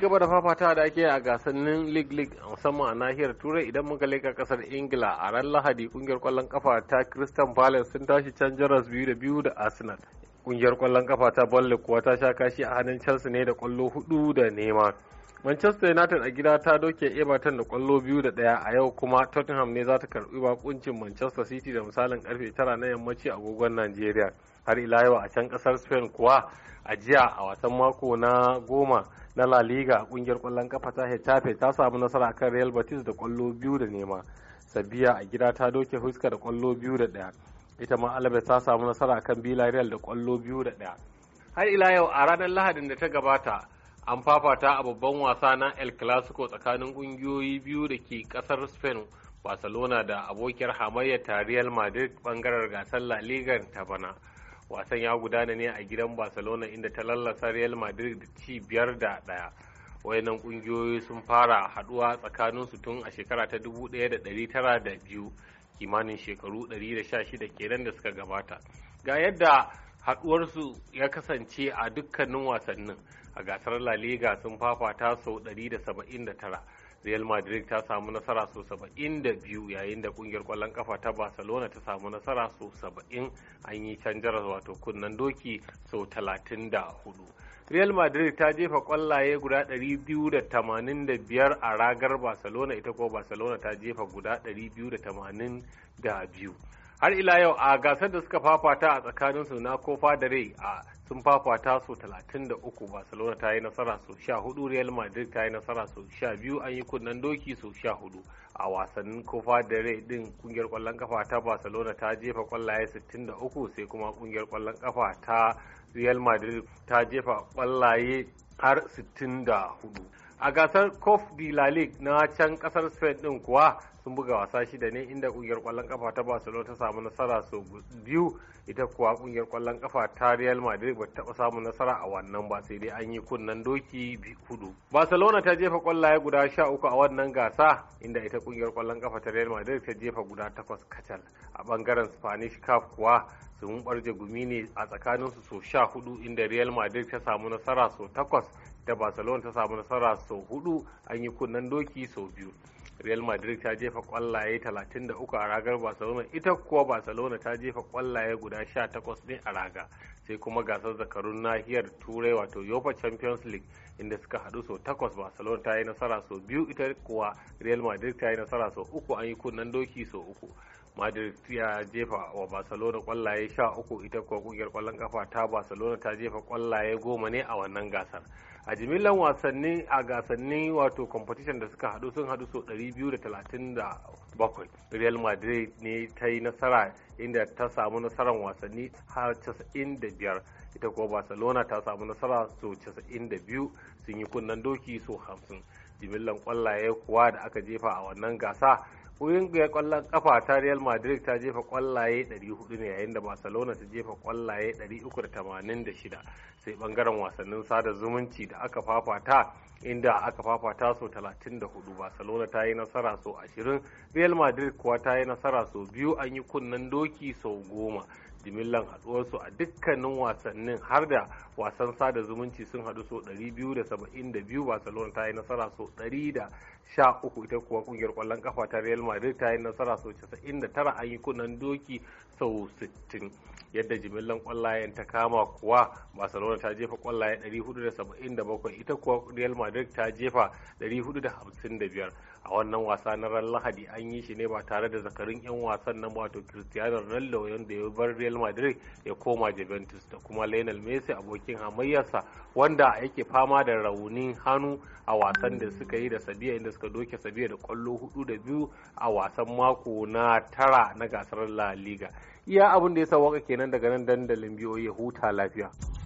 gaba da fafata da ake a gasannin league league musamman a nahiyar turai idan muka leka kasar ingila a ran lahadi kungiyar kwallon kafa ta crystal palace sun tashi can jaras biyu da biyu da arsenal kungiyar kwallon kafa ta bolle kuwa ta sha kashi a hannun chelsea ne da kwallo hudu da nema manchester united a gida ta doke everton da kwallo biyu da daya a yau kuma tottenham ne za ta karbi bakuncin manchester city da misalin karfe tara na yammaci agogon nigeria har ila yau a can kasar spain kuwa a jiya a wasan mako na goma na La Liga kungiyar kwallon kafa ta Hetafe ta samu nasara akan Real Betis da kwallo biyu da nema. Sabiya a gida ta doke Huska da kwallo biyu da daya Ita ma Alaves ta samu nasara akan Villarreal da kwallo biyu da daya. Har ila yau a ranar Lahadin da ta gabata an fafata a babban wasa na El Clasico tsakanin kungiyoyi biyu da ke kasar Spain Barcelona da abokiyar hamayyar ta Real Madrid bangaren gasar La Liga ta bana. wasan ya gudana ne a gidan barcelona inda ta lallasa real madrid da ci biyar da daya wayannan kungiyoyi sun fara haduwa tsakanin su tun a shekara ta 1902 kimanin shekaru 116 kenan da suka gabata ga yadda haduwarsu ya kasance a dukkanin wasannin a gasar la liga sun fafata sau 179 real madrid ta samu nasara so 72 yayin da kungiyar kwallon kafa ta barcelona ta samu nasara so 70 an yi canjar wato kunnen doki so 34 real madrid ta jefa kwallaye guda 285 a ragar barcelona ita kuma barcelona ta jefa guda 282 har ila yau a gasar da suka fafata a tsakanin su na kofa da rai a sun fafata su 33 barcelona ta yi nasara su 14 real madrid ta yi nasara su 12 an yi kunnen doki su 14 a wasannin kofa da rai din kungiyar kwallon kafa ta barcelona ta jefa kwallaye 63 sai kuma kungiyar kwallon kafa ta real madrid ta jefa kwallaye har 64 a gasar Cof de la na can kasar Spain din kuwa sun buga wasa shida ne inda kungiyar kwallon kafa ta Barcelona ta samu nasara sau biyu ita kuwa kungiyar kwallon kafa ta Real Madrid ba taba samu nasara a wannan ba sai dai an yi kunnen doki hudu. Barcelona ta jefa kwallaye guda sha uku a wannan gasa inda ita kungiyar kwallon kafa ta Real Madrid ta jefa guda takwas kacal a bangaren Spanish Cup kuwa sun barje gumi ne a tsakaninsu sau sha hudu inda Real Madrid ta samu nasara sau takwas da barcelona ta samu nasara sau hudu an yi kunnen doki sau biyu real madrid ta jefa kwallaye 33 a ragar barcelona ita kuwa barcelona ta jefa kwallaye guda 18 ne a raga sai kuma gasar zakarun nahiyar turai wato yopa champions league inda suka hadu sau takwas barcelona ta yi nasara sau biyu ita kuwa real madrid ta yi nasara sau uku an yi kunnen doki sau uku Madrid ya jefa wa Barcelona kwallaye sha uku ita kuwa kungiyar kwallon kafa ta Barcelona ta jefa kwallaye goma ne a wannan gasar. A jimillan wasanni a gasanni wato competition da suka hadu sun hadu so 237. Real Madrid ne ta yi nasara inda ta samu nasarar wasanni har 95. Ita kuwa Barcelona ta samu nasara so 92 sun yi kunnen doki so 50. Jimillan kwallaye kuwa da aka jefa a wannan gasa ƙungiyar kwallon kafa ta Real Madrid ta jefa kwallaye 400 ne yayin da Barcelona ta jefa kwallaye 386 sai bangaren wasannin sada zumunci da aka fafata inda aka fafata so 34 Barcelona ta yi nasara so 20 Real Madrid kuwa ta yi nasara so biyu an yi kunnen doki sau goma jimillan haduwarsu a dukkanin wasannin har da wasan sada zumunci sun hadu so 272 barcelona ta yi nasara so 113 ita kuwa kungiyar kwallon kafa ta real madrid ta yi nasara so 99 an yi kunan doki sau 60 yadda jimillan kwallayen ta kama kuwa barcelona ta jefa kwallaye 477 ita kuwa real madrid ta jefa 455 a wannan wasa na ran lahadi an yi shi ne ba tare da zakarin 'yan wasan nan wato cristiano ronaldo wanda ya bar real madrid ya koma juventus da kuma lionel messi abokin hamayyarsa wanda yake fama da raunin hannu a wasan da suka yi da sabiya inda suka doke sabiya da kwallo hudu da biyu a wasan mako na tara na gasar la liga iya abin da ya sa waka kenan daga nan dandalin biyoyi huta lafiya